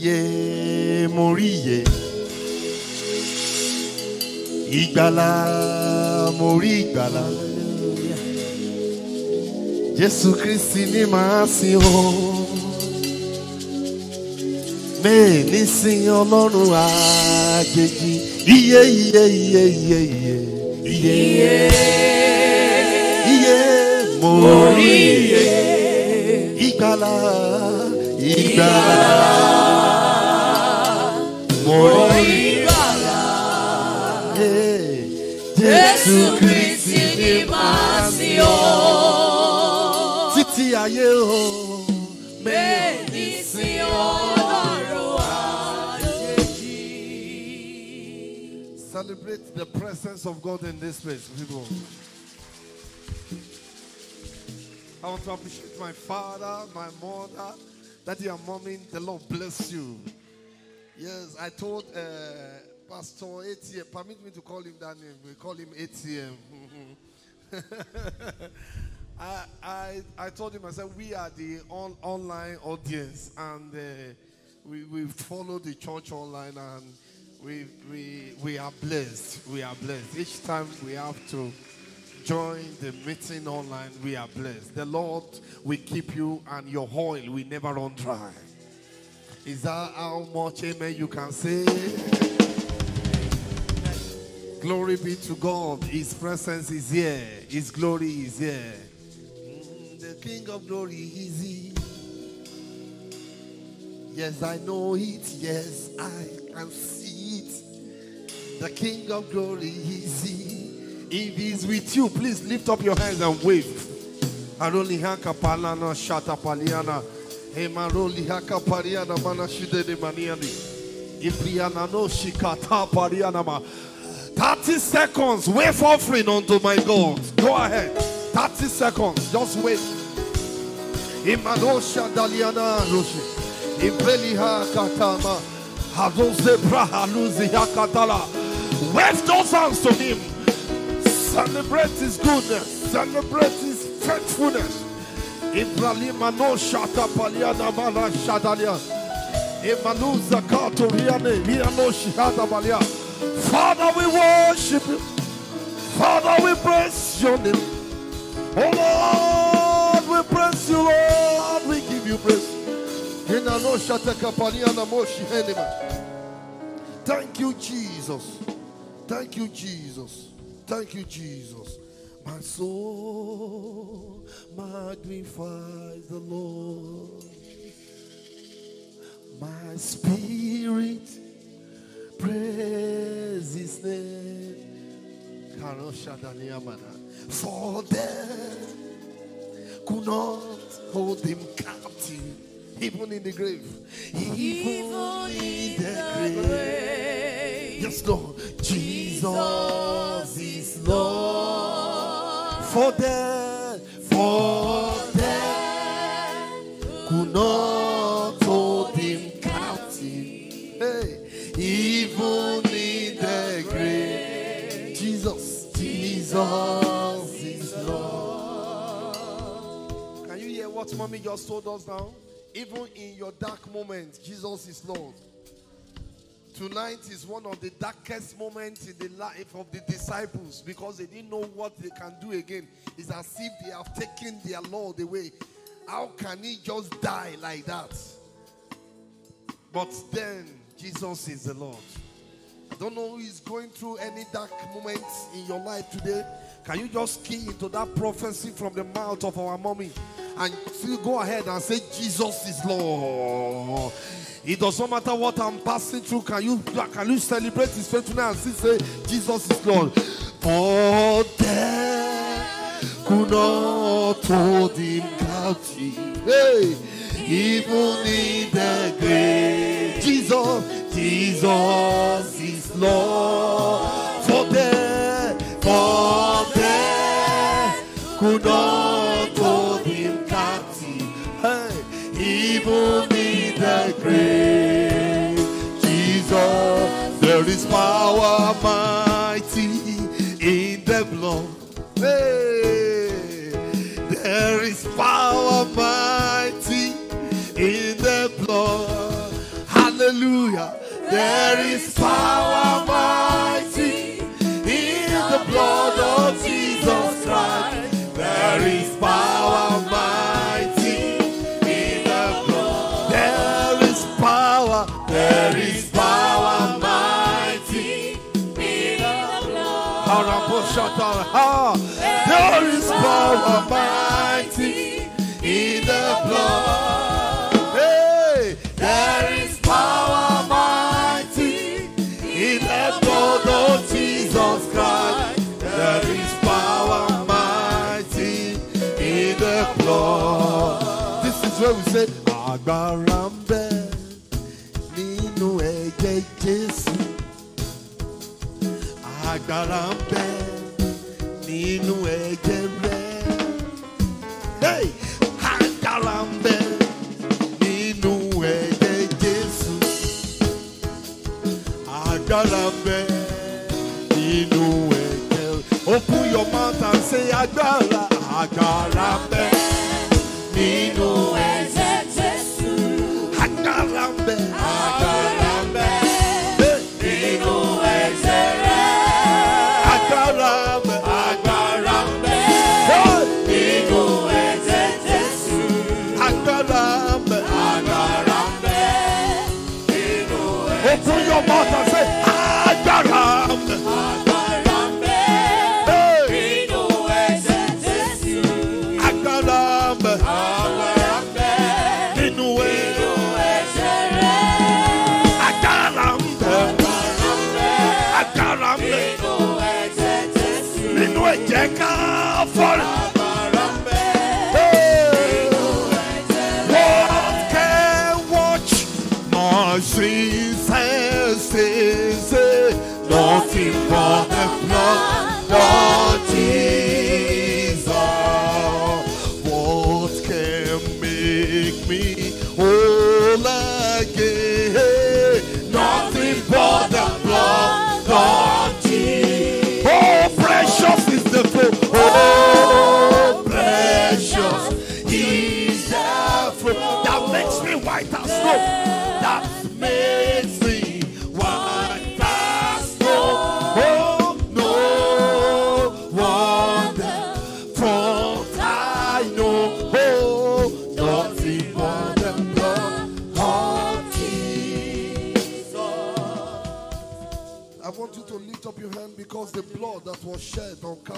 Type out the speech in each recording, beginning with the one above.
ìyè mo rí ìyè ìgbàlà mo rí ìgbàlà Jésù Kristi ni màá sìn o mẹ́ẹ̀ ní sìn Ọlọ́run àjèjì ìyè ìyè ìyè ìyè ìyè ìyè ìyè mo rí ìyè ìgbàlà. Ìgbàlà. 모이라 예수 그리스도님 아시오 지티하여 매니시오 Celebrate the presence of God in this place, people. I want to appreciate my father, my mother, Daddy, and mommy, the Lord bless you. Yes, I told uh, Pastor ATM, permit me to call him that name. We call him ATM. I, I, I told him, I said, we are the on, online audience and uh, we, we follow the church online and we, we, we are blessed. We are blessed. Each time we have to join the meeting online, we are blessed. The Lord will keep you and your oil will never run dry. Is that how much amen you can say? Glory be to God. His presence is here. His glory is here. Mm, the King of glory is he. Yes, I know it. Yes, I can see it. The King of glory is he. If he's with you, please lift up your hands and wave. Aroni haka shata 30 seconds, wave offering unto my God. Go ahead. 30 seconds, just wait. Imanosha daliana roshi. katama. braha luzi hakatala. Wave those hands to him. Celebrate his goodness. Celebrate his faithfulness no kato balia. Father, we worship you. Father, we praise your name. Oh Lord, we praise you, Lord. We give you praise. Thank you, Jesus. Thank you, Jesus. Thank you, Jesus. My soul magnifies the Lord. My spirit praises his name. For them could not hold him captive, even in the grave. Even, even in the, the grave. grave. Yes, Lord. Jesus, Jesus is Lord for death, for death could not hold him captive. Hey, even in the grave, Jesus, Jesus is Lord. Can you hear what mommy just told us now? Even in your dark moments, Jesus is Lord. Tonight is one of the darkest moments in the life of the disciples because they didn't know what they can do again. It's as if they have taken their Lord away. How can he just die like that? But then Jesus is the Lord. I don't know who is going through any dark moments in your life today. Can you just key into that prophecy from the mouth of our mommy and still go ahead and say, Jesus is Lord? It does not matter what I'm passing through. Can you can you celebrate his faithfulness and still say, Jesus is Lord? For death could not hold him captive. Hey, even in the grave, Jesus, Jesus is Lord. God, hold him captive. Hey. will be the grave, Jesus, there is power mighty in the blood. Hey. There is power mighty in the blood. Hallelujah. There is power mighty. Ah, there is power mighty in the blood. Hey, there is power mighty in the blood of Jesus Christ. There is power mighty in the blood. This is where we say, Agarambe, ń bẹ nínú ẹ̀jẹ̀ Jésù. Agbára nínú ẹ̀jẹ̀ rẹ̀. Agbára ń ẹ̀jẹ̀ Jésù. Agbára ń bẹ Open your mouth and say agbára. Agbára.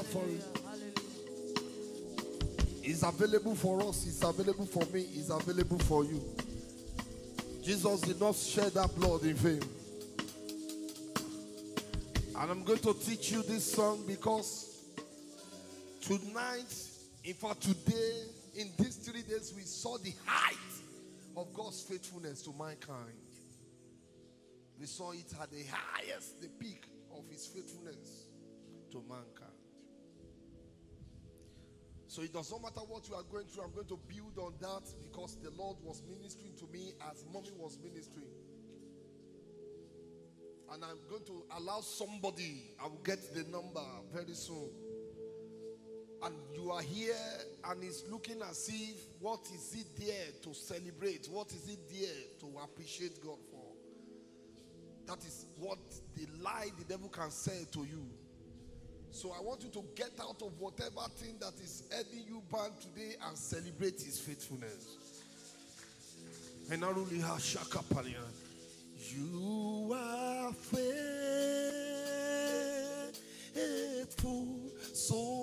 up for it. It's available for us, it's available for me, it's available for you. Jesus did not shed that blood in vain. And I'm going to teach you this song because tonight, in fact, today, in these three days, we saw the height of God's faithfulness to mankind. We saw it at the highest, the peak of his faithfulness to mankind. So it does not matter what you are going through, I'm going to build on that because the Lord was ministering to me as mommy was ministering. And I'm going to allow somebody, I will get the number very soon and you are here and it's looking as if what is it there to celebrate? What is it there to appreciate God for? That is what the lie the devil can say to you. So I want you to get out of whatever thing that is heading you bad today and celebrate his faithfulness. And not only shaka palia. You are faithful. So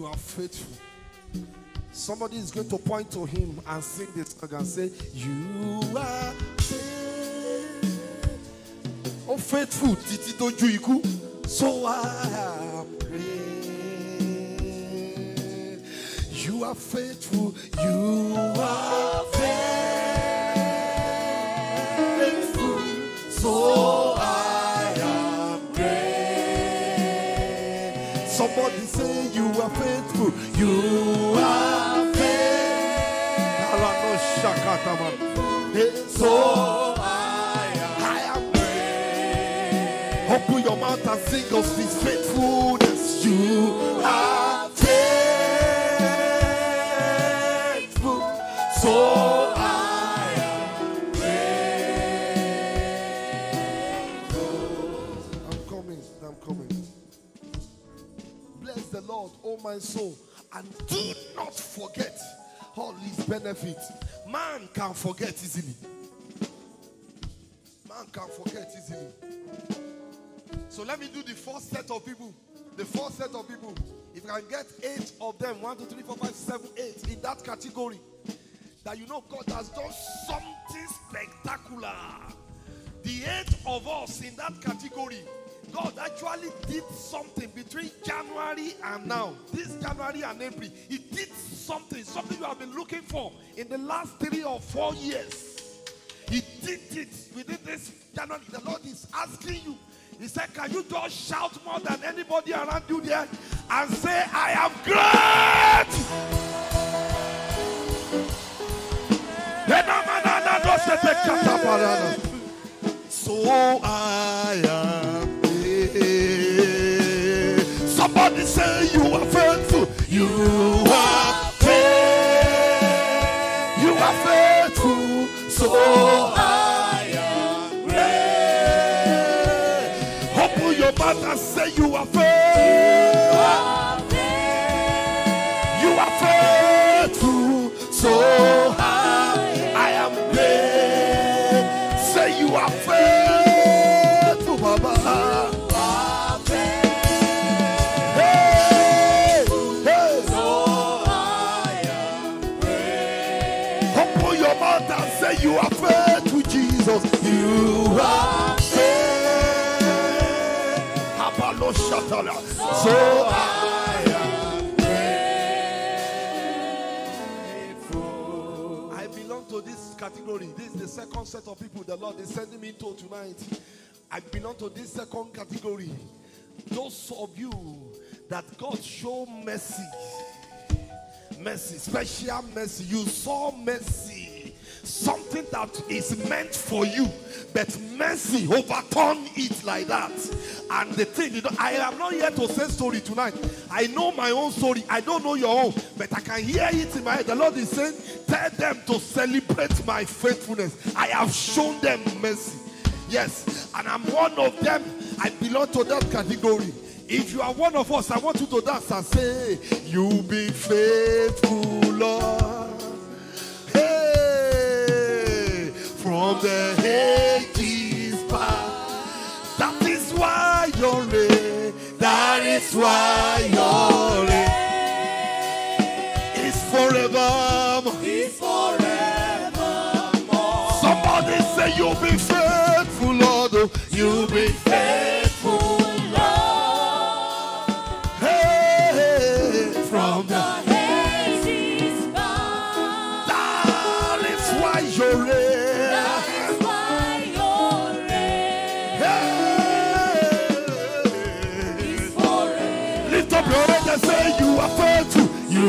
you are faithful. Somebody is going to point to him and sing this song and say, You are faithful. Oh, faithful, So I pray. You are faithful. You are faithful. you are faithful. You are faithful. So I am. I am Open your mouth and sing of His faithfulness. You are faithful. So. Oh my soul, and do not forget all his benefits. Man can forget easily. Man can forget easily. So let me do the first set of people. The first set of people. If I can get eight of them, one, two, three, four, five, seven, eight, in that category, that you know God has done something spectacular. The eight of us in that category God actually did something between January and now. This January and April, He did something, something you have been looking for in the last three or four years. He did it within this January. The Lord is asking you. He said, Can you just shout more than anybody around you there and say, I am great? So I am. say you are faithful. You So I am grateful. I belong to this category. This is the second set of people the Lord is sending me to tonight. I belong to this second category. Those of you that God show mercy, mercy, special mercy. You saw mercy, something that is meant for you, but mercy overturned it like that. And the thing, you know, I am not here to say story tonight. I know my own story. I don't know your own, but I can hear it in my head. The Lord is saying, tell them to celebrate my faithfulness. I have shown them mercy. Yes, and I'm one of them. I belong to that category. If you are one of us, I want you to dance and say, You be faithful, Lord. Hey, from the head. That is why your name is forever. Is forevermore. Somebody say you be faithful, Lord. You'll be faithful.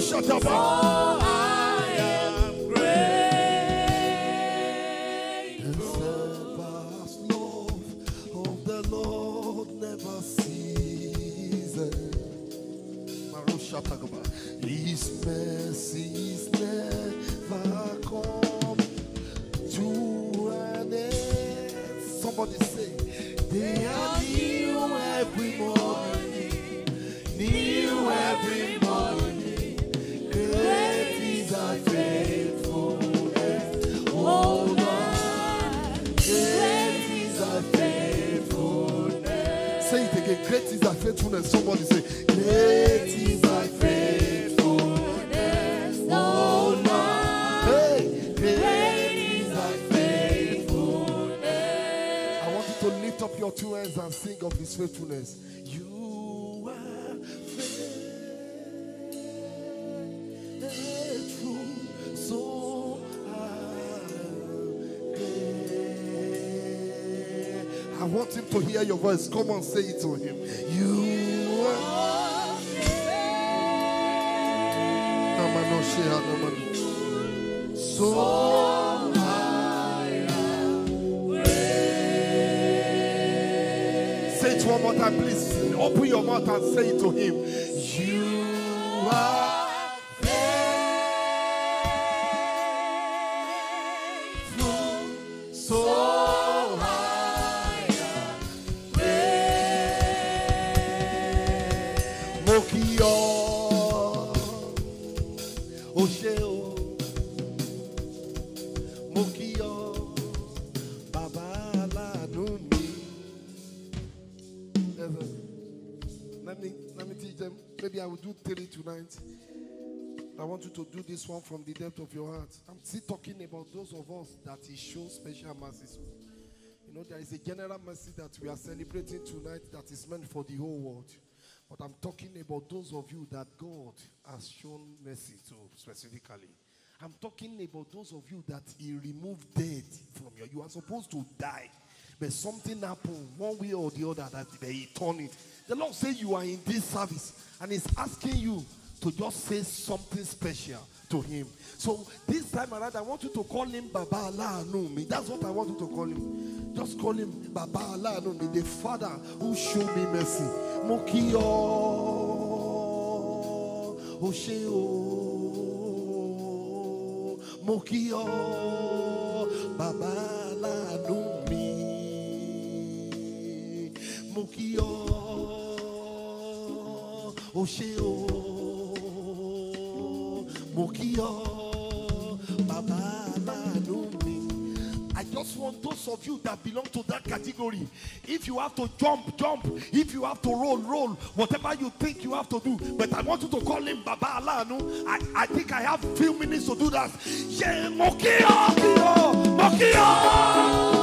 shut up. faithfulness. You are faithful, so I, I want him to hear your voice. Come on, say it to him. You one more time, please open your mouth and say it to him. You this one from the depth of your heart. I'm still talking about those of us that He shows special mercies. You know, there is a general mercy that we are celebrating tonight that is meant for the whole world. But I'm talking about those of you that God has shown mercy to specifically. I'm talking about those of you that He removed death from you. You are supposed to die, but something happened one way or the other that He turned it. The Lord says you are in this service and He's asking you to just say something special to him. So this time around, I want you to call him Baba Allah Anumi. That's what I want you to call him. Just call him Baba Allah Anumi, the Father who showed me mercy. Mokio Osheo Mokio Baba Allah Anumi Mokio Osheo mo bàbá I just want those of you that belong to that category. If you have to jump, jump. If you have to roll, roll. Whatever you think you have to do. But I want you to call him Baba Alanu. I, I think I have few minutes to do that. Yeah, mo kí ọ,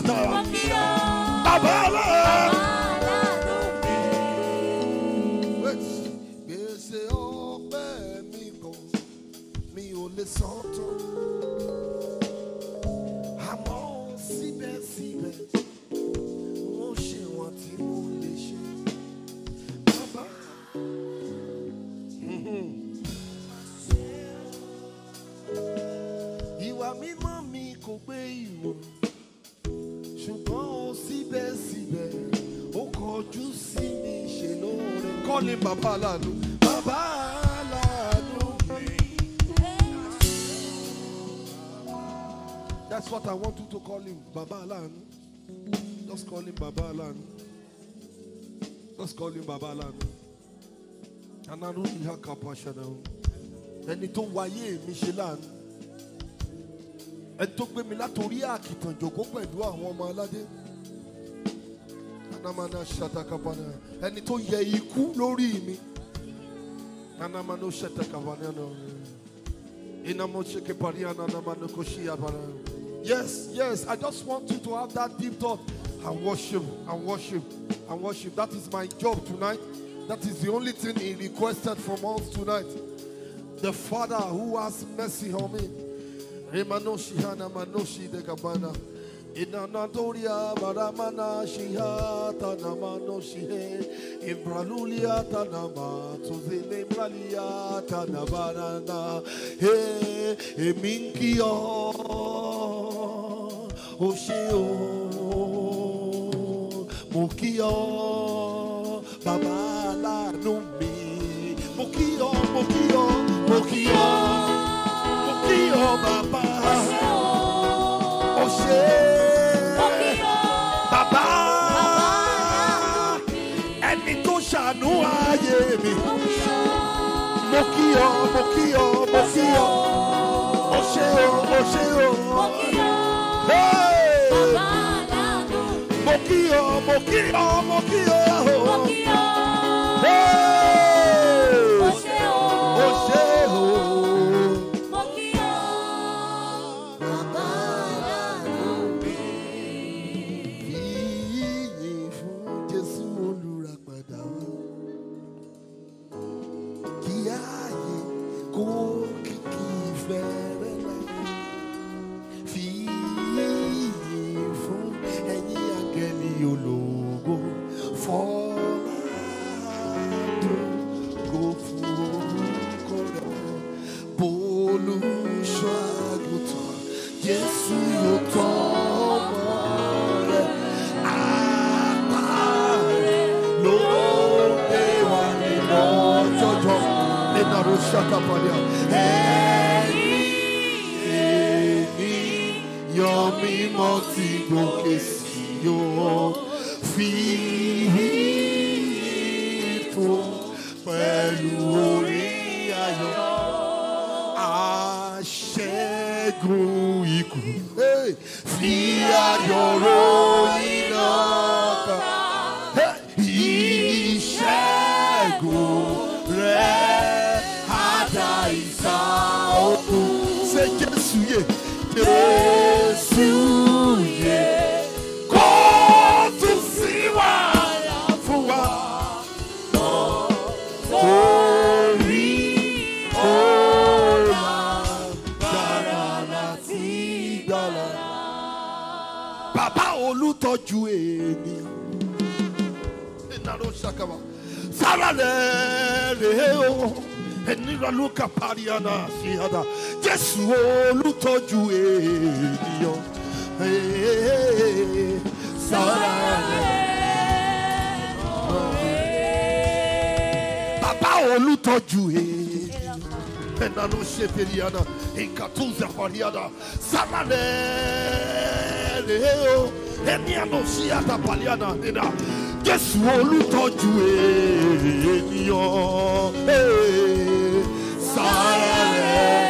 Kataya. Abala. Gbèsè ọpẹ́ mi kan, mi bàbá bàbá That's what I want you to call him, bàbá Just call him bàbá Just call him bàbá aláàánú. Ànánú ìhà kàpọ̀ àṣàdá o. Ẹni tó wáyé mi ṣe láàánú. Ẹni tó gbé mi látòrí àkìtànjòkó pẹ̀lú àwọn ọmọ aládé. Nanamana Shatakabana. Ẹni tó yẹ ikú lórí mi. Nanamano Inamoche Kepariana Namano Yes, yes. I just want you to have that deep thought. And worship, and worship, and worship. That is my job tonight. That is the only thing he requested from us tonight. The Father who has mercy on me. Remanoshi Hanamanoshi in Anatolia, Maramana, Shiha, no Shihe, in Tanama, to the name Pralia, Tanabarana, He, Eminkio, Oshio, baba la Numi, Mokio, Mokio, Mokio, Mokio, Baba. Baba, ẹni mi. Dios. Eh, Bàbá olùtọ́jú ẹ̀nànú ṣe fèrè àná nǹkan tó ń zẹ̀fọ̀rí àná sálálẹ̀ rèé o ẹni àná ṣí àtàbàlẹ̀ àná nínà Jésù olùtọ́jú ènìyàn sálálẹ̀.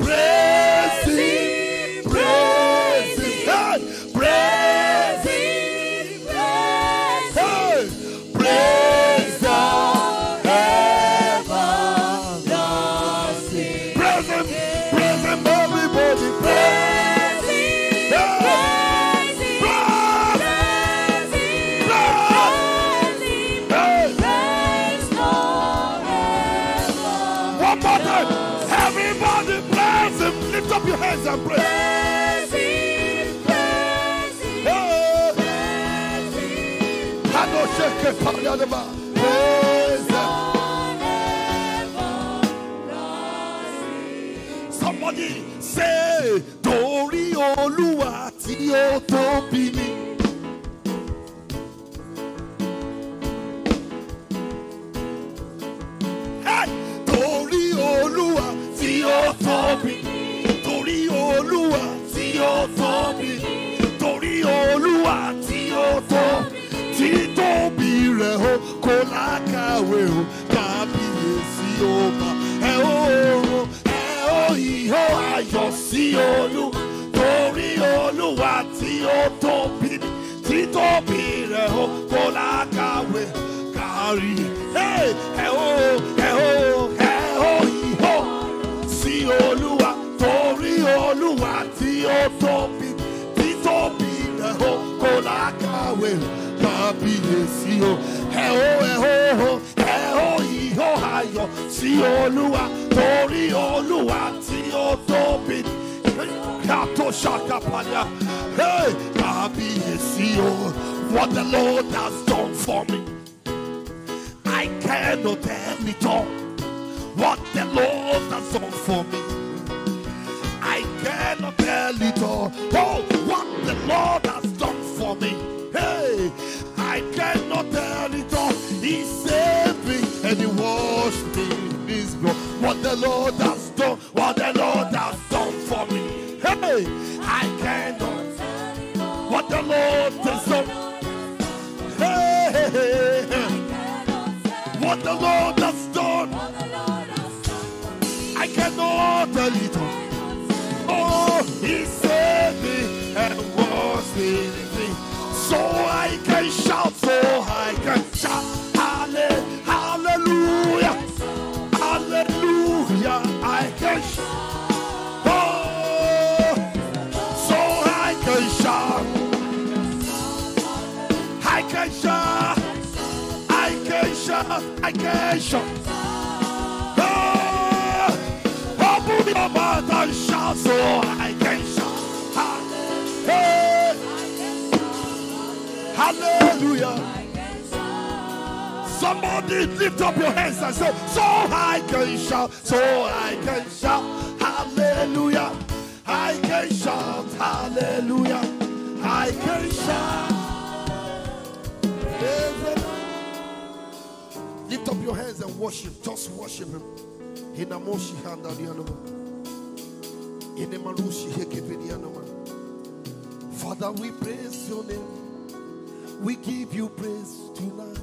praise him, praise him, praise him. Somebody say, Torí Olúwa tí ó tóbi ni. Torí Olúwa tí ó tóbi. Torí Olúwa tí ó tóbi. la kawe kari hey hey ho hey ho hey ho, iho sí Olúwa torí Olúwa tí ó tóbi tí tóbi rẹ̀ ó kò la kawe kábíyèsí o hey ho hey ho hey ho, iho ayọ̀ sí Olúwa torí Olúwa tí ó tóbi kato shaka palia hey kábíyèsí o what the Lord has done for me. I cannot tell it all. What the Lord has done for me. I cannot tell it all. Oh, what the Lord has done for me. Hey, I cannot tell it all. He saved me and He washed me in His blood. What the Lord has done, what the Lord has done for me. Hey, I cannot. What the Lord has done. What the Lord has done, I cannot tell it. Oh, He saved me and was with me, so I can shout, so I can shout, Hallelujah, Hallelujah, oh, I can shout. I can shout vacation. Oh, open your mouth ah, and shout so I can shout. Hey. Hallelujah. Somebody lift up your hands and say, So I can shout, so I can shout. Hallelujah. I can shout. Hallelujah. I can shout. Lift up your hands and worship. Just worship him. Hinamoshi handa marushi Inemalushi hekevedianoma. Father, we praise your name. We give you praise tonight.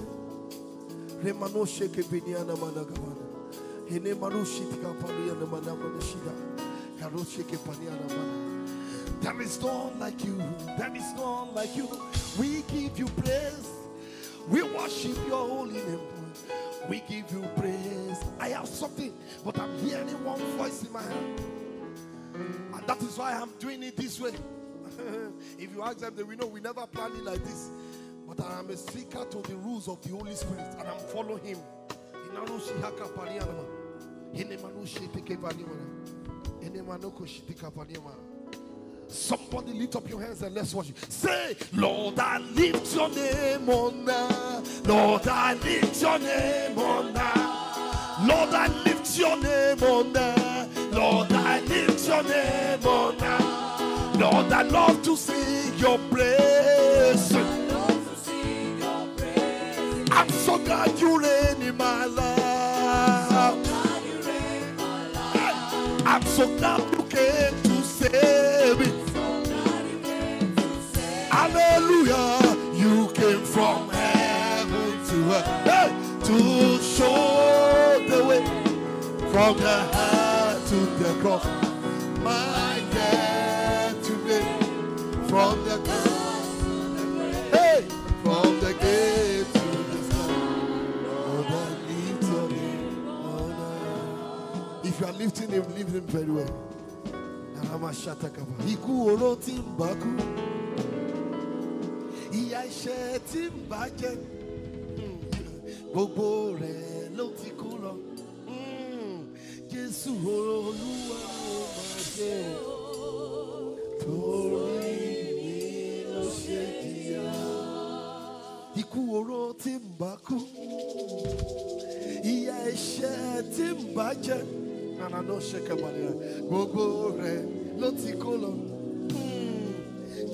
marushi kevedianama nagamana. Inemalushi tikapadianama namanashida. Karoshe kepadianama. There is none like you. There is none like you. We give you praise. We worship your holy name. We give you praise. I have something, but I'm hearing one voice in my head. And that is why I'm doing it this way. if you ask them, they will know we never planned it like this. But I am a seeker to the rules of the Holy Spirit and I'm following Him. In Somebody lift up your hands and let's worship. Say, Lord, I lift your name on high. Lord, I lift your name on high. Lord, I lift your name on high. Lord, I lift your name on high. Lord, I love to sing your praise. I'm so glad you reign in my life. I'm so glad you came. Hallelujah. You came from heaven to to show the way from the heart to the cross. My death from the cross to the If you are lifting him, lift him very well ikú oró tí ń bá kú ìyà ìṣẹ́ tí ń bá jẹ gbogbo rẹ̀ ló ti kú lọ Jésù Olúwa ó máa ṣe o torí mi ló ṣe jìyà ikú oró tí ń bá kú ìyà ìṣẹ́ tí ń bá jẹ gbogbo rẹ̀. ló ti kó lọ.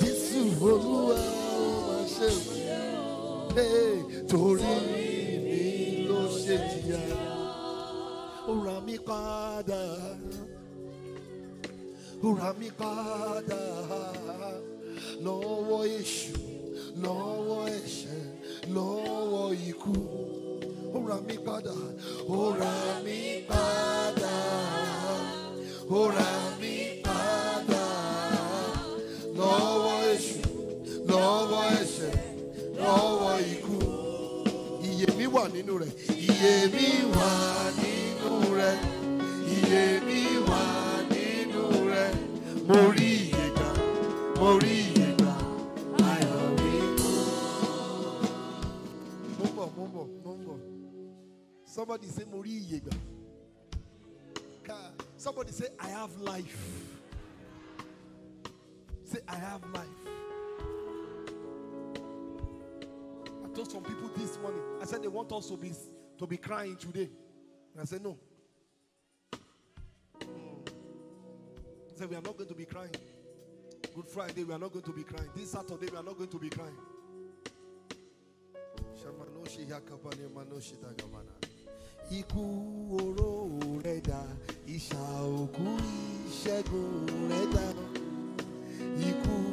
Jésù Olúwa ó máa ṣe torí mi ló ṣe jìyà. Ó rà mí padà. Ó rà mí padà. Lọ́wọ́ èṣù, lọ́wọ́ ẹ̀ṣẹ̀, lọ́wọ́ ikú. Ó rà mí padà. Ó rà mí padà. Ó rà mí padà. wà nínú rẹ̀. Iye mi wà nínú rẹ̀. Iye mi wà nínú rẹ̀. Mo rí iye gbà. Mo rí iye gbà. Ayọ̀ mi kú. Mo ń bọ̀, mo ń bọ̀, mo ń bọ̀. Somebody say mo rí iye gbà. Somebody say I have life. Say I have life. told some people this morning. I said they want us to be to be crying today. And I said, No. I said, We are not going to be crying. Good Friday, we are not going to be crying. This Saturday, we are not going to be crying. Ikú oró òkú Ikú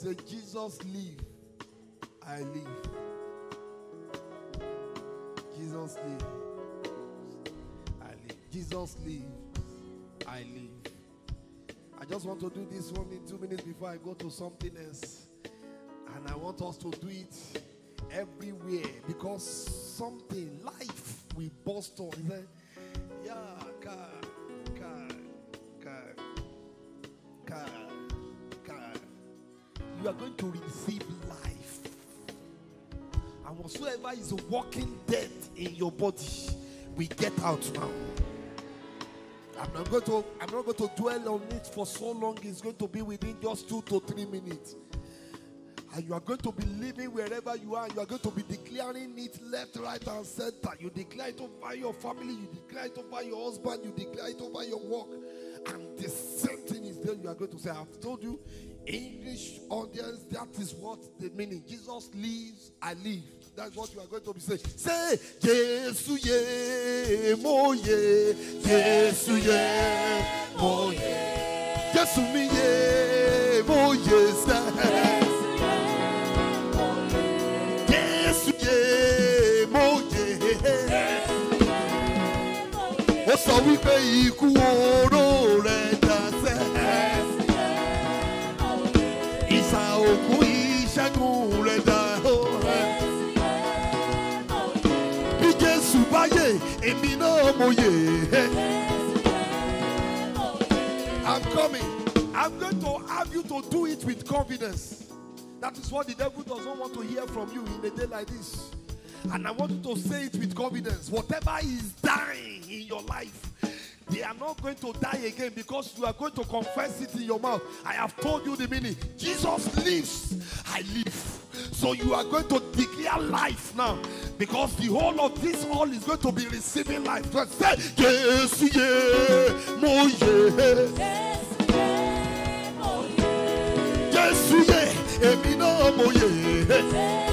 Say, Jesus, live. I live. Jesus, live. I live. Jesus, live. I live. I just want to do this one in two minutes before I go to something else. And I want us to do it everywhere because something, life, we bust on. Yeah, God. you are going to receive life. And whatsoever is walking dead in your body, we get out now. I'm not going to I'm not going to dwell on it for so long. It's going to be within just two to three minutes. And you are going to be living wherever you are. You are going to be declaring it left, right, and center. You declare it over your family. You declare it over your husband. You declare it over your work. And the same thing is there. You are going to say, I've told you English audience, that is what the meaning. Jesus lives, I live. That's what you are going to be saying. Say, Jesus, yeah, mo yeah. Jesus, ye, mo ye, Jesus, me ye, yeah, ye, yeah. Ó sọ wípé ikú oró. i I'm coming. I'm going to have you to do it with confidence. That is what the devil doesn't want to hear from you in a day like this. And I want you to say it with confidence. Whatever is dying in your life, they are not going to die again because you are going to confess it in your mouth. I have told you the meaning. Jesus lives, I live. So you are going to declare life now. Because the whole of this hall is going to be receiving life. So say, yes, yeah, mo oh, yes. Yes, yeah, mo yes. Yes, yeah, emi no mo yes. Yes, yes.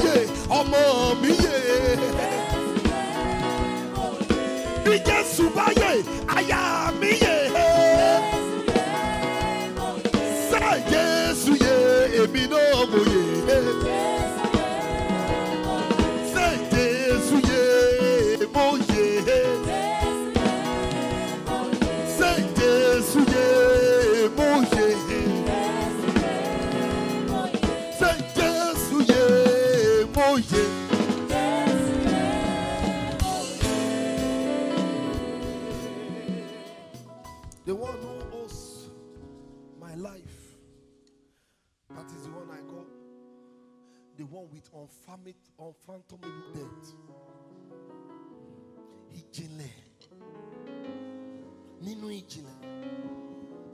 yes. Yes, yes. Yes, yes. bí Jésù bá yè àyà mi yè. Sẹ́ Jésù yè èmi náà down with unfathomable debt. Ìjìnlẹ̀ nínú ìjìnlẹ̀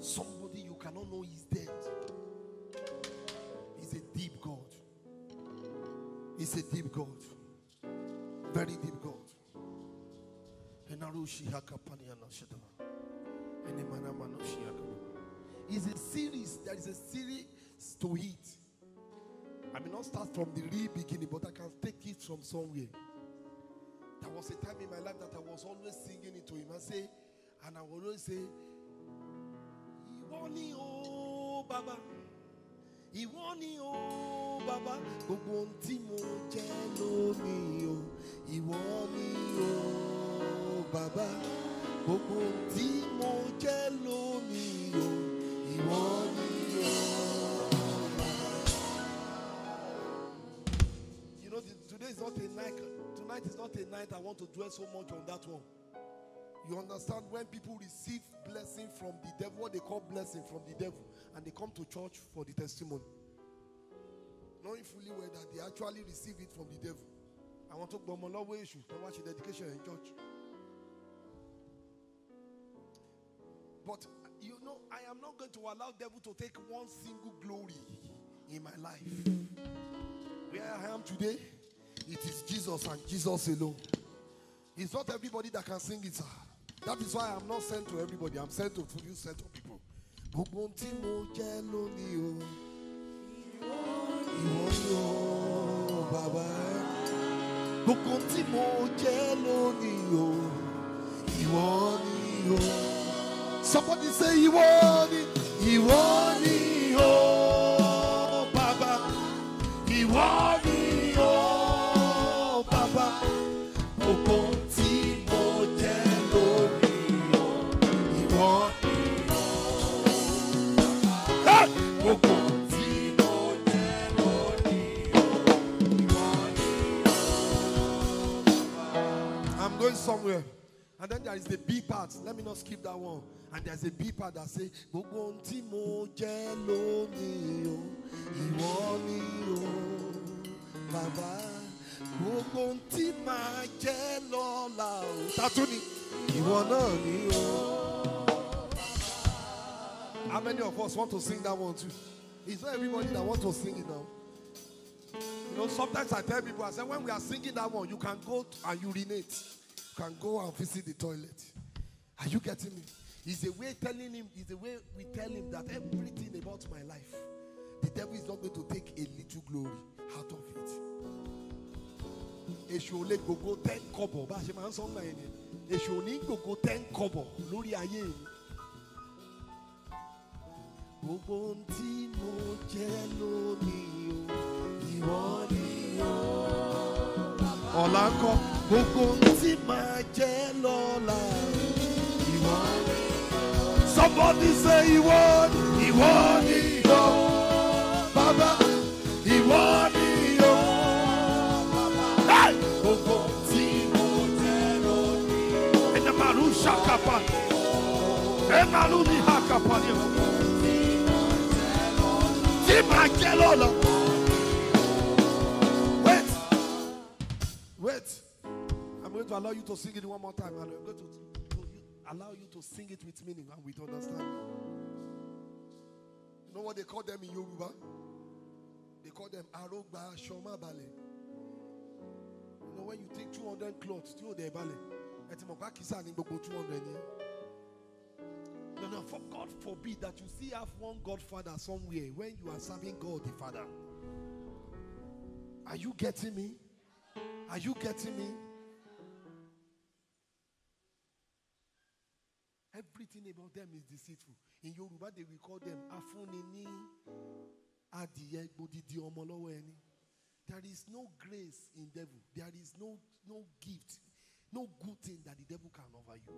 somebody you cannot know is dead. He's a deep God. He's a deep God. Very deep God. Enarushi hakapani anashadama. Enemana manoshi hakapani. It's a series. There is a series to eat may not start from the real beginning, but I can take it from somewhere. There was a time in my life that I was always singing it to him. I say, and I would always say, Iwoni oh, Baba, Iwoni oh, Baba, gbogbo timo tí mo oh, lónìí o, Iwoni oh, Baba, gbogbo ohun tí mo jẹ́ night is not a night I want to dwell so much on that one. You understand when people receive blessing from the devil, what they call blessing from the devil, and they come to church for the testimony. Knowing fully well that they actually receive it from the devil. I want to go my love issue. How much dedication in church. But you know, I am not going to allow devil to take one single glory in my life. Where I am today, it is Jesus and Jesus alone. It's not everybody that can sing it. That is why I'm not sent to everybody. I'm sent to few set of people. Somebody say he jẹ́ it. He Ìwọ it. I'm somewhere. And then there is the B part. Let me not skip that one. And there's a B part that say, Gbogbo tí mo jẹ́ lónìí o, tí jẹ́ lọ́la ò tatú ni ìwọ náà ni o. How many of us want to sing that one too? It's not everybody that want to sing it now. You know, sometimes I tell people, I say, when we are singing that one, you can go and urinate. You can go and visit the toilet. Are you getting me? Is a way telling him, is a way we tell him that everything about my life, the devil is not going to take a little glory out of it. èṣù ò lè gbogbo ten kọ́bọ̀ bá a ṣe máa ń sọ ńgbà yẹn ni èṣù ò ní gbogbo ten kọ́bọ̀ lórí ayé mi. gbogbo ohun tí mo jẹ́ lónìí o ìwọ ni o. ọ̀la ń kọ́ gbogbo ohun tí màá jẹ́ lọ́la ìwọ ni o. somebody say ìwọ ni ìwọ ni o. bàbá ìwọ ni. Wait. Wait. I'm going to allow you to sing it one more time. And I'm going to, to, allow you to sing it with meaning and with understanding. You know what they call them in Yoruba? They call them Arogba Shoma Bale. You know, when you take 200 clothes, you know ballet. No, no, for God forbid that you I have one Godfather somewhere when you are serving God the Father. Are you getting me? Are you getting me? Everything about them is deceitful. In Yoruba, they will call them afunini There is no grace in devil. There is no no gift no good thing that the devil can offer you.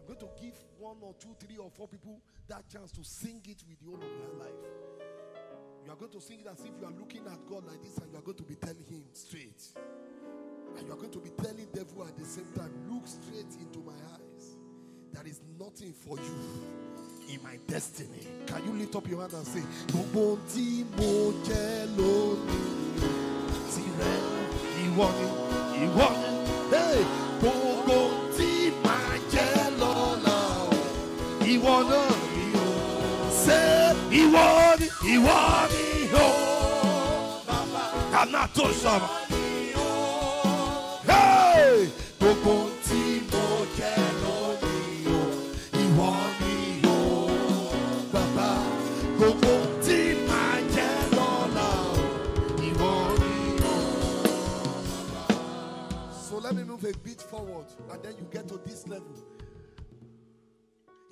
I'm going to give one or two, three or four people that chance to sing it with the whole of their life. You are going to sing it as if you are looking at God like this and you are going to be telling him straight. And you are going to be telling devil at the same time, look straight into my eyes. There is nothing for you in my destiny. Can you lift up your hand and say, Gbogbo tí mo jẹ́ lónìí tirẹ̀ Hey, gbogbo tí màá jẹ́ lọ́la He Ìwọ náà ni o. Ṣé ìwọ ni ìwọ ni o? Kàná tó forward, and then you get to this level.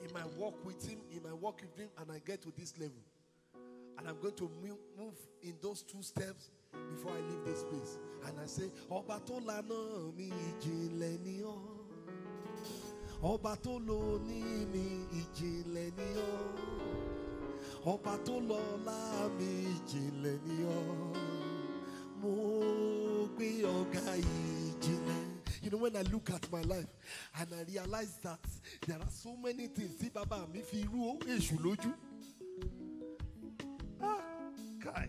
In my walk with him, in my walk with him, and I get to this level. And I'm going to move in those two steps before I leave this place. And I say, Oh, tó mi ìjìnlẹ̀ ni ọ́. Ọba tó ni ọ́. Ọba tó lọ́lá mi ìjìnlẹ̀ o mi ijinle o Mo gbé ọ̀gá you know, when I look at my life and I realize that there are so many things. See, Baba, me fi ru Ah, Kai.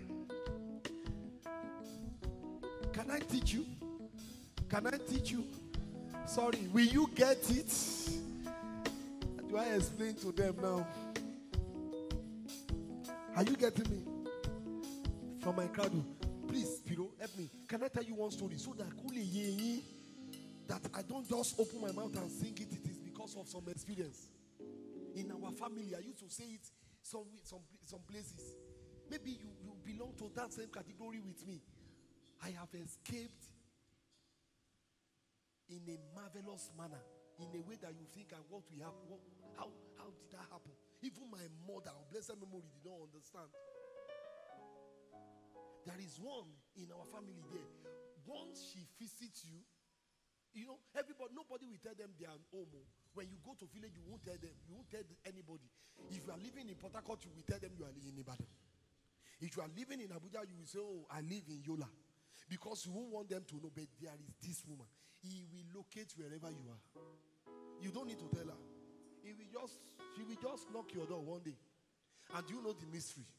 Can I teach you? Can I teach you? Sorry, will you get it? Do I explain to them now? Are you getting me? From my crowd, please, Piro, help me. Can I tell you one story so that kule yeyin? that I don't just open my mouth and sing it. It is because of some experience. In our family, I used to say it some, some, some places. Maybe you, you belong to that same category with me. I have escaped in a marvelous manner, in a way that you think, and what we have, what, how, how did that happen? Even my mother, bless her memory, did not understand. There is one in our family there. Once she visits you, you know, everybody, nobody will tell them they are homo. When you go to village, you won't tell them. You won't tell anybody. If you are living in Port Harcourt, you will tell them you are in Ibadan. If you are living in Abuja, you will say, "Oh, I live in Yola," because you won't want them to know. But there is this woman. He will locate wherever you are. You don't need to tell her. He will just, she will just knock your door one day. And you know the mystery.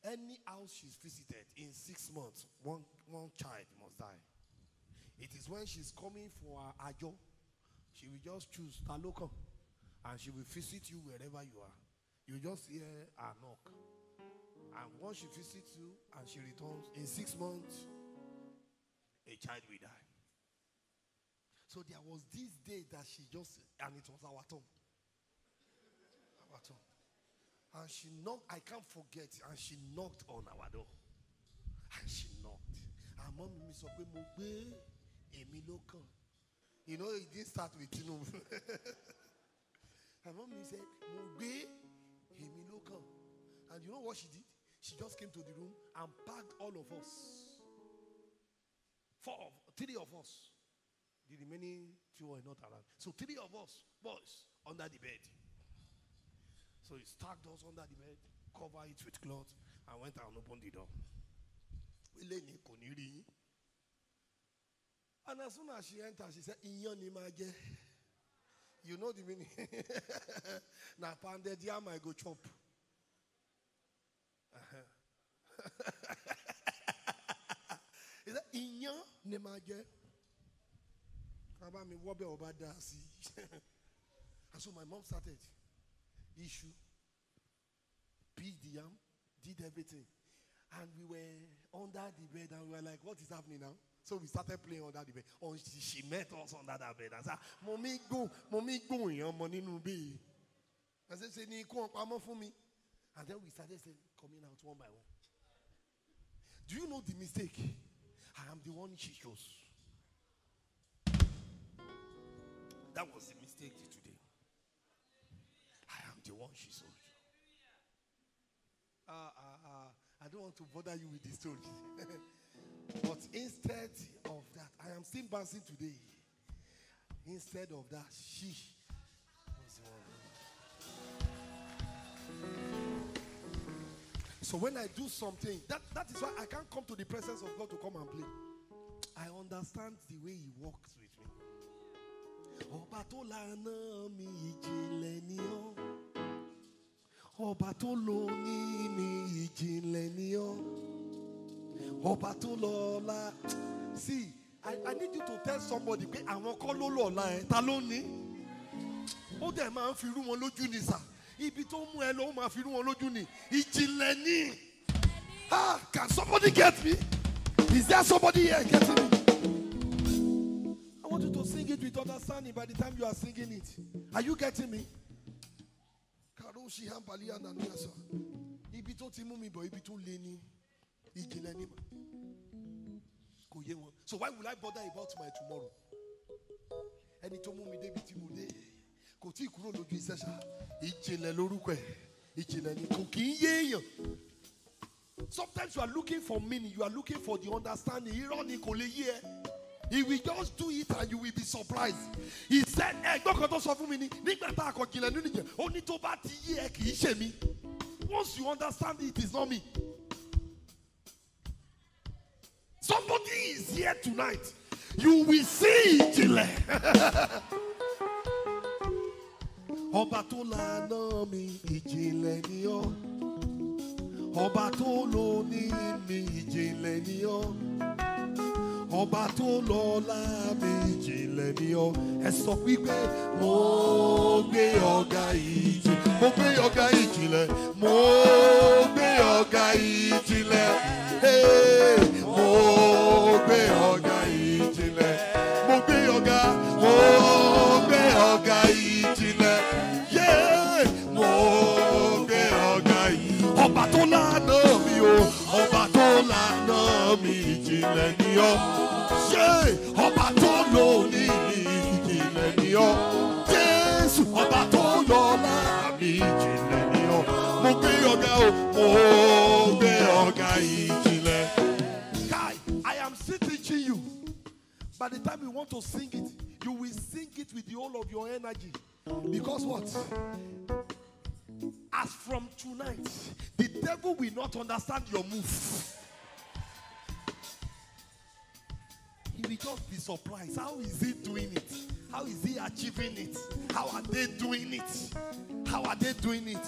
Any house she's visited in six months, one, one child must die. It is when she's coming for her ajo, she will just choose Taloko and she will visit you wherever you are. You just hear her knock. And once she visits you and she returns, in six months, a child will die. So there was this day that she just, and it was our turn. Our turn. And she knocked, I can't forget, and she knocked on our door. And she knocked. And èmi ló kàn you know it didn't start with Tinubu and mom said mo gbé èmi ló kàn and you know what she did she just came to the room and packed all of us four of three of us the remaining two were not around so three of us boys under the bed so he stacked us under the bed covered it with cloth and went and opened the door. And as soon as she entered, she said, Inyonimage. You know the meaning. Na pande diam I go chop. Uh-huh. He said, Inyonimage. Baba mi wobe oba And so my mom started issue, beat the yam, did everything. And we were under the bed and we were like, what is happening now? So we started playing on that bed. Oh, she, she met us on that bed and said, Mommy, go, mommy, go, your money will be. I said, Say, Nico, come for me. And then we started coming out one by one. Do you know the mistake? I am the one she chose. That was the mistake today. I am the one she chose. Uh, uh, uh, I don't want to bother you with the story. But instead of that, I am still bouncing today. Instead of that, she was one. So when I do something, that, that is why I can't come to the presence of God to come and play. I understand the way He walks with me. Oh, tó mi ìjìnlẹ̀ ni ọ́ mi Obatulola. See, I, I need you to tell somebody pé àwọn kọ́ ló lọ́la ẹ̀ ta ló ní. Ó dẹ̀ máa ń fi irú wọn lójú ni sà. Ibi tó mú ẹ lọ, ó máa fi irú wọn lójú ni. Ìjìnlẹ̀ ni. Ah, can somebody get me? Is there somebody here getting me? I want you to sing it with understanding by the time you are singing it. Are you getting me? Karun Shiham Baliyan Ibi tó ti mú mi bọ̀, ibi tó lé ni ìjìnlẹ̀ ni mà kò yé wọn so why would I bother about my tomorrow ẹni tó mú mi débi tí mo dé kò tí ì kúrò lójú iṣẹ́ ṣá ìjìnlẹ̀ lórúkọ ẹ̀ ìjìnlẹ̀ ni kò kì í yé èèyàn sometimes you are looking for meaning you are looking for the understanding irọ́ ni kò lè yé ẹ he will just do it and you will be surprised he said ẹgbọ́n kan tó sọ fún mi ni nígbà tá a kọ jìnlẹ̀ nínú ìjẹ́ ó ní tó bá ti yé ẹ kì í ṣe mi once you understand it is not me. Somebody is here tonight. You will see it. Ọba tó lànà mi ìjìnlẹ̀ ni ọ́. Ọba tó mi ìjìnlẹ̀ ni ọ́. Ọba tó mi ìjìnlẹ̀ ni ọ́. Ẹ sọ wípé mo gbé ọ̀gá ìjìnlẹ̀. Mo gbé ọ̀gá ìjìnlẹ̀. Mo gbé ọ̀gá ìjìnlẹ̀. Hey ó gbé ọ̀gá ìjìnlẹ̀. Mo gbé ọ̀gá ó gbé ọ̀gá ìjìnlẹ̀. Yé mo gbé ọ̀gá yìí. Ọba tó lànà mi o, ọba tó lànà mi ìjìnlẹ̀ ni ọ́. Ṣé ọba tó lò ní mi ìjìnlẹ̀ ni ọ́? Jésù ọba tó lọ́la mi ìjìnlẹ̀ ni ọ́. Mo gbé ọ̀gá o, mo gbé ọ̀gá ìjìnlẹ̀. by the time you want to sing it, you will sing it with the whole of your energy. Because what? As from tonight, the devil will not understand your move. He will just be surprised. How is he doing it? How is he achieving it? How are they doing it? How are they doing it?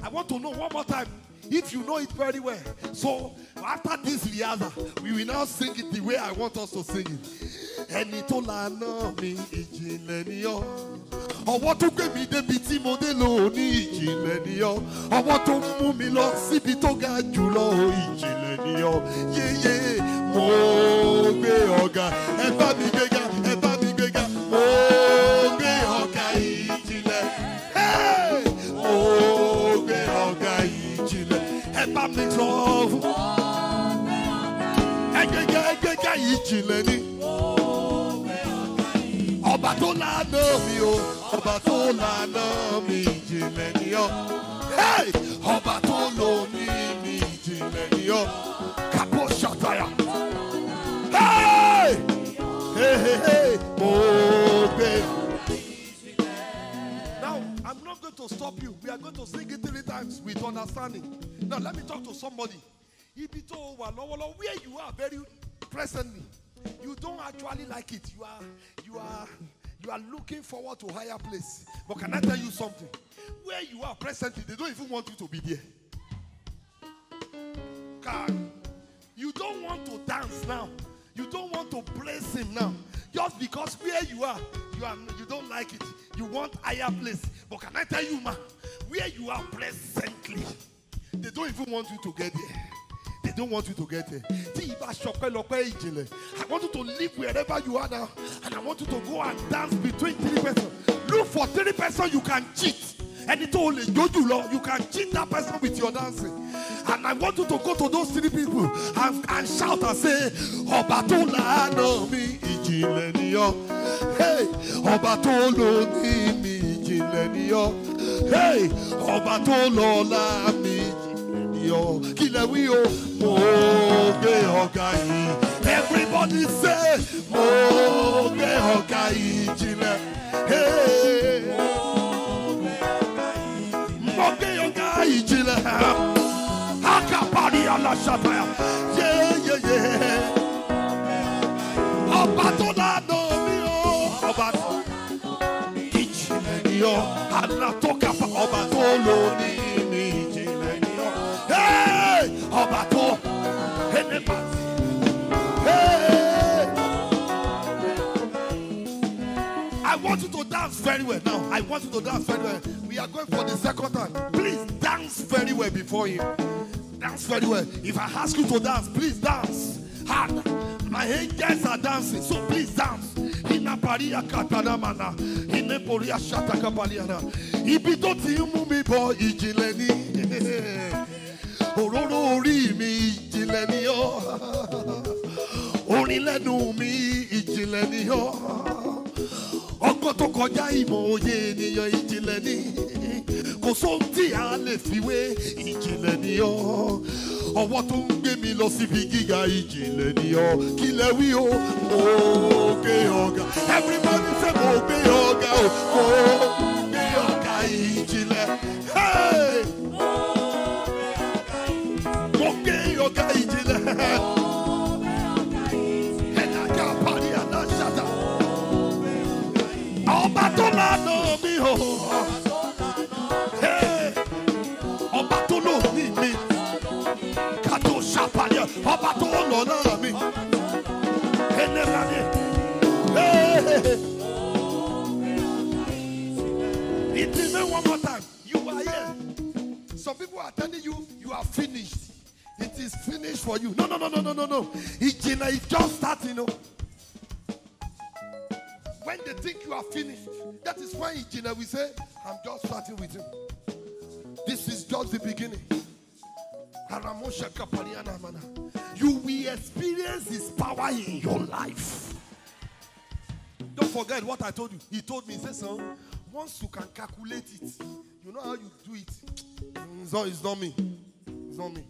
I want to know one more time if you know it very well. So after this rehearsal, we will now sing it the way I want us to sing it. Ẹni tó lànà mi ìjìnlẹ̀ ni ọ́. Ọwọ́ tó gbé mi débi tí mo dé lò ní ìjìnlẹ̀ ni ọ́. Ọwọ́ tó mú mi lọ síbi tó ga jùlọ ìjìnlẹ̀ ni ọ́. Yéyé mo gbé ọ̀gá ẹ bá mi gbéga. láti sọ fún. ẹgbẹ́gẹ́ yìí jìnlẹ̀ ni. ọba tó lànà mi o ọba tó lànà mi jìnlẹ̀ ni ọ. ọba tó lò mí mi jìnlẹ̀ ni ọ. kàpọ̀ ṣàtàyà. mo gbé. I'm not going to stop you. We are going to sing it three times with understanding. Now, let me talk to somebody. Ibi where you are very presently, you don't actually like it. You are, you are, you are looking forward to higher place. But can I tell you something? Where you are presently, they don't even want you to be there. God, you don't want to dance now. You don't want to praise Him now. Just because where you are, you are you don't like it. You want higher place. But can I tell you, man, where you are presently? They don't even want you to get there. They don't want you to get there. I want you to live wherever you are now. And I want you to go and dance between three persons. Look for three persons you can cheat. And it only you do you can cheat that person with your dancing. And I want you to go to those three people and, and shout and say, Ọba tó mi ìjìnlẹ̀ ni ọ́. Hey, Obatolo ni ọ́. Hey, ọba tó lọ́lá mi ijinle hey Obatolo la. mi yo, kile wi yo, mo gbé ọ̀gá yìí. Everybody say, mo gbé ọ̀gá yìí jinlẹ̀. Mo gbé ọ̀gá yìí jinlẹ̀. Yeah, yeah, yeah. Ọba tó lánàá mi o, ọba tó ìjìnlẹ̀ ni ọ, àlàtọ́kàfà ọba tó lónìí. I want you to dance very well now. I want you to dance very well. We are going for the second time. Please dance very well before him. Dance very well. If I ask you to dance, please dance hard. My angels are dancing, so please dance. Ina paria katana mana, ine poria shata kapaliana. Ibito ti mumi bo ijileni. òróró orí mi ìjìnlẹ̀ ni ọ́ orin lẹ́nu mi ìjìnlẹ̀ ni ọ́ ọgbọ́n tó kọjá ìmọ̀ òye ènìyàn ìjìnlẹ̀ ni kò sóhun tí a lè fiwé ìjìnlẹ̀ ni ọ́ ọwọ́ tó ń gbé mi lọ síbi gíga ìjìnlẹ̀ ni ọ́ kí lẹ wí o mo gbé ọ̀gá everybody say mo gbé ọ̀gá o mo. ọba tó lò ní mi kàtó ṣàpàdé ọba tó lò náà mi one more time. You are here. Some people are telling you you are finished. It is finished for you. No, no, no, no, no, no, no. It, just starting. When they think you are finished, that is why in Gina we say, I'm just starting with you. This is just the beginning. You will experience His power in your life. Don't forget what I told you. He told me, he said, son, once you can calculate it, you know how you do it. It's mm, not, it's not me. It's not me.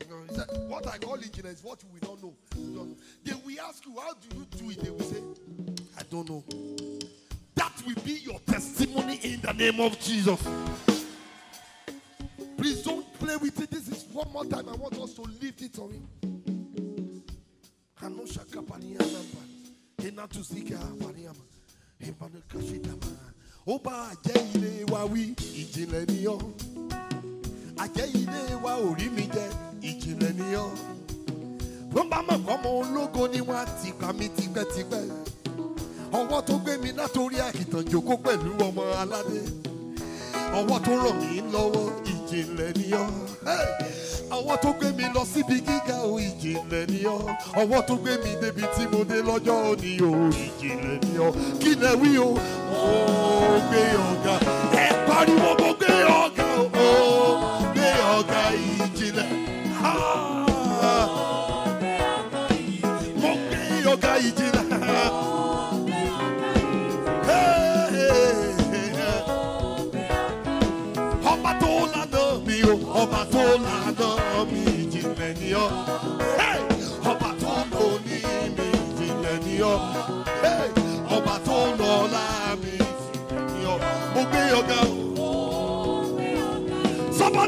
Mm, what I call engineer is what you will not know. They will ask you, how do you do it? They will say, I don't know. That will be your testimony in the name of Jesus. Please don't play with it. This is one more time. I want us to lift it on him. ọba wa wí ìjìnlẹ̀ ni wa mi jẹ ìjìnlẹ̀ ni mọ̀ ológo ni wọ́n ti pa mí tipẹ́tipẹ́. ọwọ́ tó gbé mi látòrí àkìtàn jòkó pẹ̀lú ọmọ aládé ọwọ́ tó ràn mí lọ́wọ́ ìjìnlẹ̀ ni ọ́ ọwọ́ tó gbé mi lọ síbi gíga o ìjìnlẹ̀ ni ọ́ ọwọ́ tó gbé mi débi tí mo dé lọ́jọ́ òní o ìjìnlẹ̀ ni ọ́ kí lẹ wí o mo gbé ọ̀gá ẹ pariwo mo gbé ọ̀gá.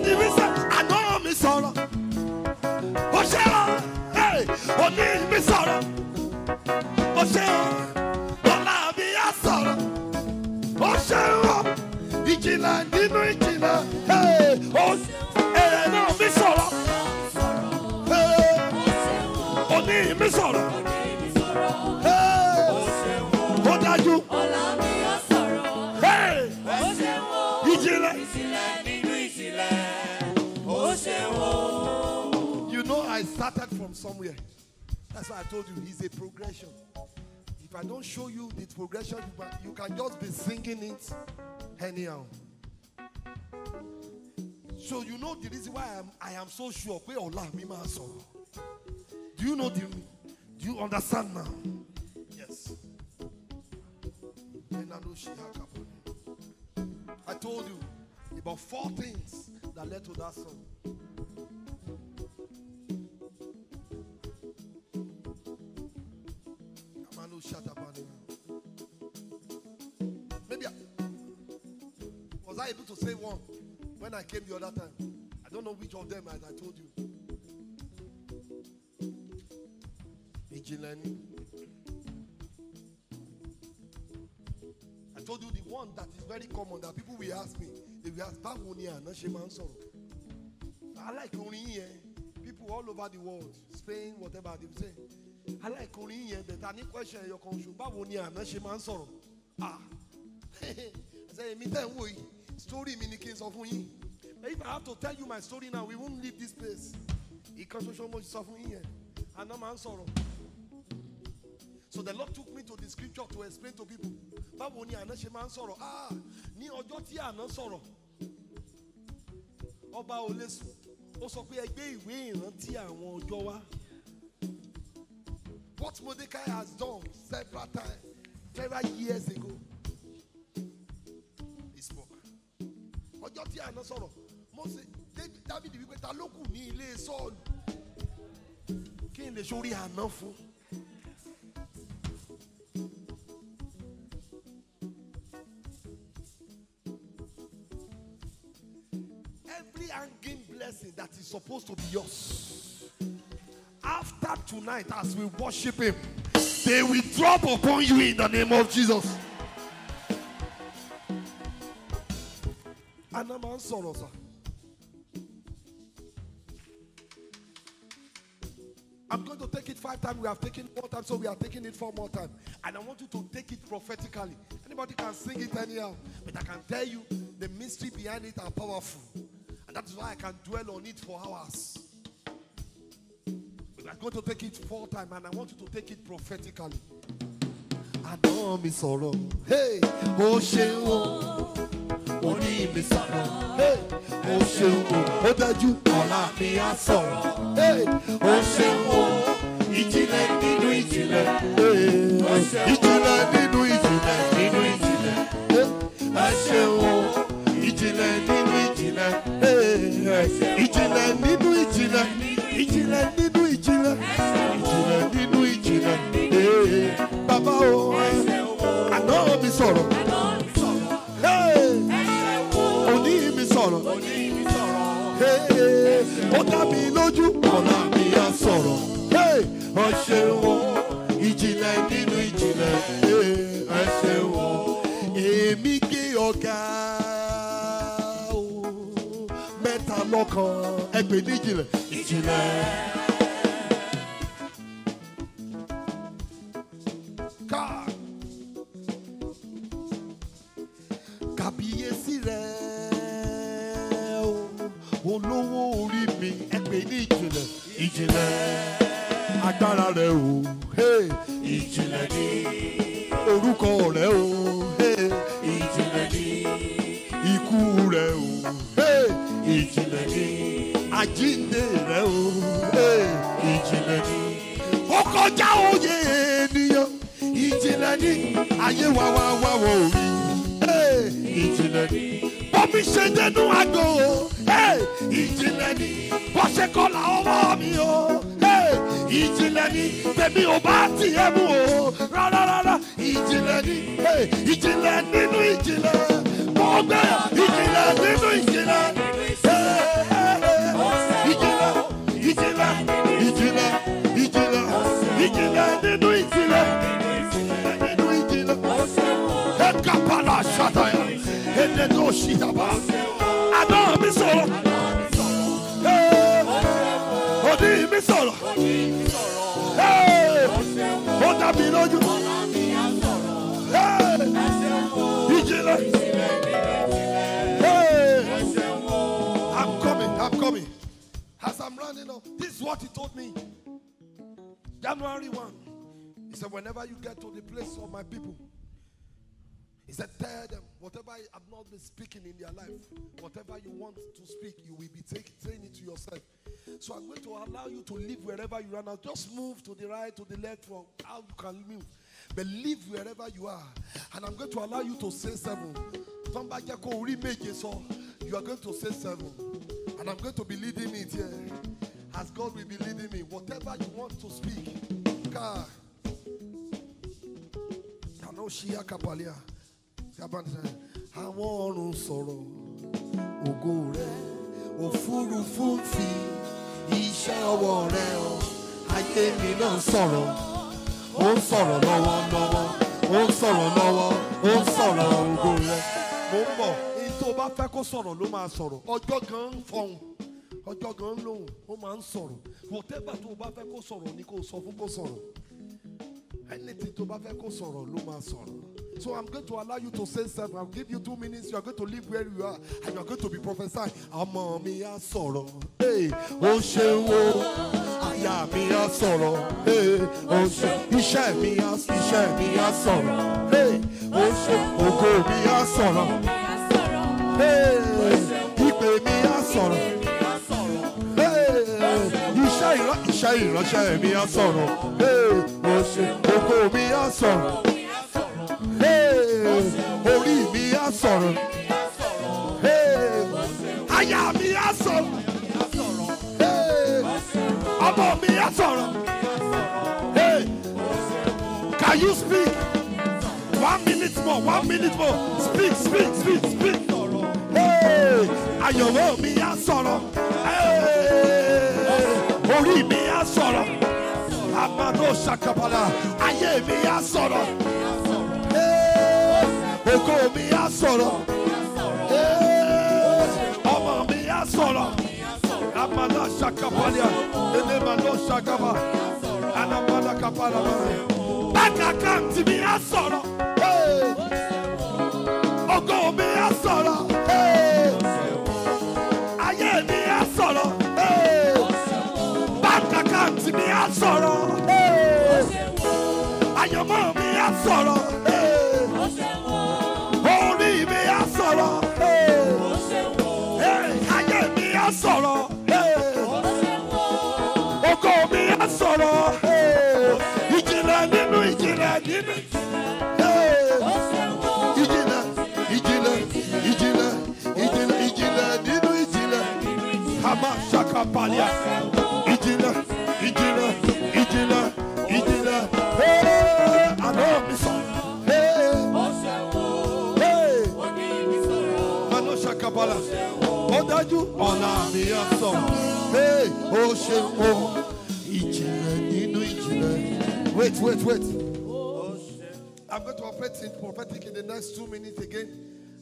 di mi sẹ́ àná mi sọ̀rọ̀ O ṣe ọ́ òní mi sọ̀rọ̀ ó ṣe ọ́ ọ̀la mi á sọ̀rọ̀ ó ṣe ọ́ ìjìnlẹ̀ nínú ìjìnlẹ̀ ó ṣe ọ́. started from somewhere. That's why I told you he's a progression. If I don't show you the progression, you can just be singing it anyhow. So you know the reason why I'm, I am so sure. Pé ọ̀la mi máa Do you know the? Do you understand now? Yes. I told you about four things that led to that song. say one when I came the other time. I don't know which of them as I told you. Vigilante. I told you the one that is very common that people will ask me. They will ask, Báwo ni àná I like orin People all over the world, Spain, whatever they say. I like orin yẹn but any question you kan ṣùgbọ́n báwo ni sọ̀rọ̀? Ah! I say tẹ̀ ń wò Story mi the kí of sọ he. yín. If I have to tell you my story now, we won't leave this place. He can mo sọ much yín yẹn. Àná máa ń sorrow. So the Lord took me to the scripture to explain to people. Báwo ni àná ṣe máa ń sọ̀rọ̀? Ah! Ní ọjọ́ tí àná sọ̀rọ̀, ọba Olesu, lè sùn. Ó sọ pé ẹ gbé ìwé ìrántí àwọn ọjọ́ wá. What Mordecai has done several times, several years ago. ó ṣe wípé ta ló kù ní ilé sọ́ọ̀lù kí n lè sórí àná fún. every hanging blessing that is supposed to be yours after tonight as we worship him they will drop upon you in the name of jesus. and a we have taken more time, so we are taking it for more time. And I want you to take it prophetically. Anybody can sing it anyhow, but I can tell you the mystery behind it are powerful. And that's why I can dwell on it for hours. We are going to take it four times, and I want you to take it prophetically. Àná mi sọ̀rọ̀. Hey! Ó ṣeun o, ó ní mi sọ̀rọ̀. Hey! Ó ṣeun o, ó dájú ọ̀la mi á sọ̀rọ̀. Hey! Ó ṣeun mi soro hey o seun o o daju ola mi a soro hey o seun ìjìnlẹ̀ nínú ìjìnlẹ̀. ó ṣe ọkọ̀ ẹgbẹ̀ẹ́ ìjìnlẹ̀. ìjìnlẹ̀. I'm coming, I'm coming. As I'm running up, this is what he told me. January 1. He said, Whenever you get to the place of my people, he said, Tell them whatever I have not been speaking in their life, whatever you want to speak, you will be taking saying it to yourself. So I'm going to allow you to live wherever you are now. Just move to the right, to the left, for how you can move. But live wherever you are. And I'm going to allow you to say seven. Somebody call remake so you are going to say seven. And I'm going to be leading it here. as God will be leading me. Whatever you want to speak, God. Àwọn ọ̀run sọ̀rọ̀ ògo rẹ̀, òfurufú ń fi iṣẹ́ ọwọ́ rẹ̀ hàn. Ayé mi náà sọ̀rọ̀, ó ń sọ̀rọ̀ lọ́wọ́lọ́wọ́, ó ń sọ̀rọ̀ lọ́wọ́, ó ń sọ̀rọ̀ ògo rẹ̀. Mo ń bọ̀, ní tó bá fẹ́ kó sọ̀rọ̀ ló máa sọ̀rọ̀, ọjọ́ gan-an fọhùn ọjọ́ gan lòun ó máa ń sọ̀rọ̀ whatever tó o bá fẹ́ kó sọ̀rọ̀ ni kó sọ fún kó sọ̀rọ̀ anything tó o bá fẹ́ kó sọ̀rọ̀ ló máa sọ̀rọ̀ so i'm going to allow you to say seven i'll give you two minutes you are going to live where you are and you are going to be prophesying ọmọ mi á sọ̀rọ̀ ó ṣeun o aya mi á sọ̀rọ̀ ó ṣeun iṣẹ́ mi á iṣẹ́ mi á sọ̀rọ̀ ó ṣeun ògo mi á sọ̀rọ̀ ìpè mi á sọ̀rọ̀ ìrán iṣẹ́ ìránṣẹ́ mi á sọ̀rọ̀ mo ṣe oko mi á sọ̀rọ̀ orí mi á sọ̀rọ̀ aya mi á sọ̀rọ̀ ọmọ mi á sọ̀rọ̀ can you speak one minute more one minute more speak speak speak speak ayọ̀wọ̀ mi á sọ̀rọ̀. orí mi á sọ̀rọ̀ àbádọ́ ṣàkàbàlà ayé mi á sọ̀rọ̀ ògo mi á sọ̀rọ̀ ọmọ mi á sọ̀rọ̀ àbádọ́ ṣàkàbàlà ẹlẹ́ màá lọ ṣàkàbà ànàbàdà kàbàlà bàrẹ̀ bàtà kàǹtì mi á sọ̀rọ̀ ògo mi á sọ̀rọ̀. sọ̀rọ̀. Àyànmọ́ mi á sọ̀rọ̀. ó wait wait wait. I'm going to operate in prophetic in the next two minutes again,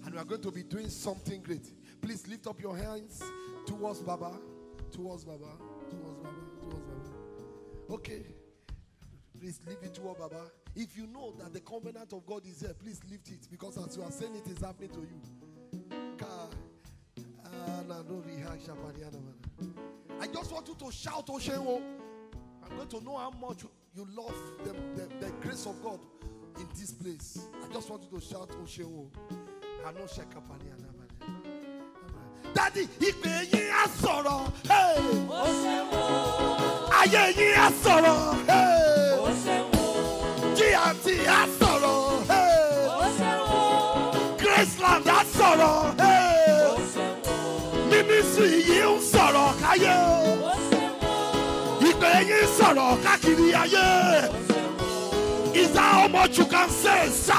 and we are going to be doing something great. Please lift up your hands towards Baba, towards Baba, towards Baba, towards Baba. Okay. Please lift it towards Baba. If you know that the covenant of God is here, please lift it because as you are saying it is happening to you. I just want you to shout, Oshenwo. I'm going to know how much you love the, the, the grace of God in this place. I just want you to shout, Oshenwo. I know Shekapania. Daddy, ìpè yín á sọ̀rọ̀. hey. ṣe wò. Ayé yín á sọ̀rọ̀. Ó ṣe wò. GMT á sọ̀rọ̀. Ó ṣe wò. Graceland á sọ̀rọ̀. Hey. Jésù yìí ń sọ̀rọ̀ káyé o. Ìpè yín sọ̀rọ̀ káàkiri ayé. Is that how much you can say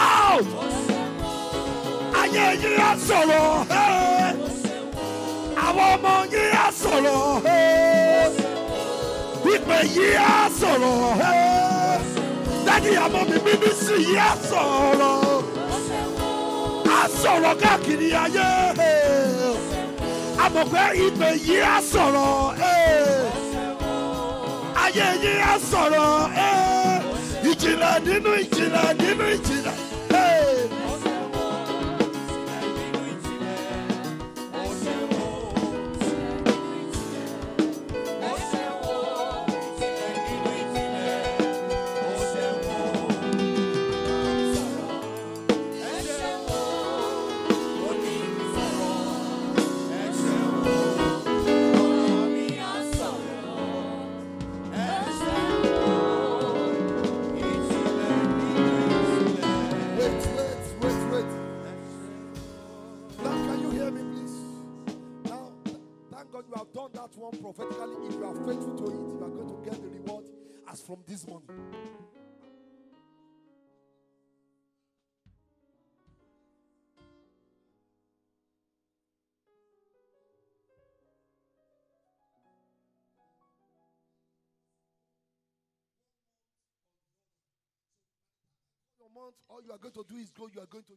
Ayé yín á sọ̀rọ̀. Àwọn ọmọ yín á sọ̀rọ̀. Ìpè yín á sọ̀rọ̀. Dádì àmọ́ mi bíbí sí yín á sọ̀rọ̀. Á sọ̀rọ̀ káàkiri ayé mọ̀ pé ìpè yìí á sọ̀rọ̀ eh. ayé yìí á sọ̀rọ̀ eh. ìjìnlẹ̀ nínú ìjìnlẹ̀ nínú ìjìnlẹ̀. all you are going to do is go, you are going to.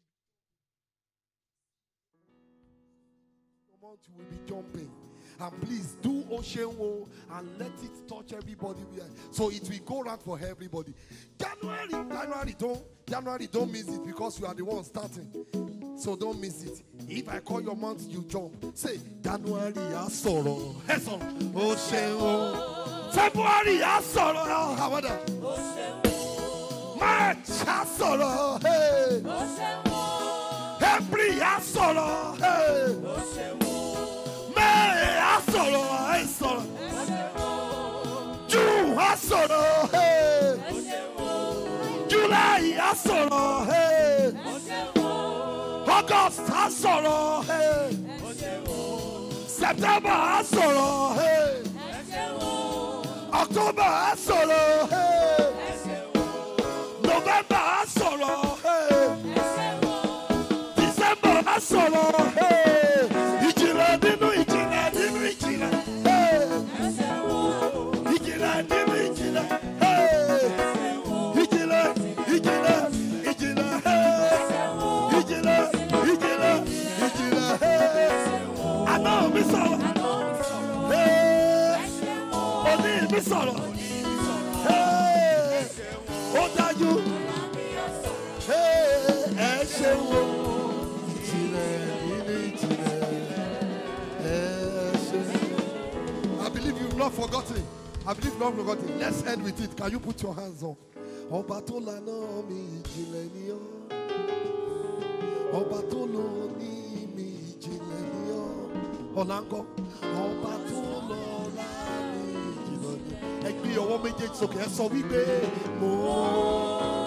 No month, you will be jumping. And please do Ocean Wall and let it touch everybody. So it will go around for everybody. January, January, don't January, don't miss it because you are the one starting. So don't miss it. If I call your month, you jump. Say January a sọ̀rọ̀. Ocean Wall. February a sọ̀rọ̀. How about that? máa ṣá sọ̀rọ̀. Ẹ̀bùrì á sọ̀rọ̀. Mẹ́rin á sọ̀rọ̀ ẹ̀ sọ̀rọ̀. Jù á sọ̀rọ̀. Júláì á sọ̀rọ̀. August á sọ̀rọ̀. September á sọ̀rọ̀. October á sọ̀rọ̀. Hey. December á sọ̀rọ̀. December á sọ̀rọ̀. not forgotten. I believe not forgotten. Let's end with it. Can you put your hands up? mi ni ọ́. Ọ̀la ń kọ́. soke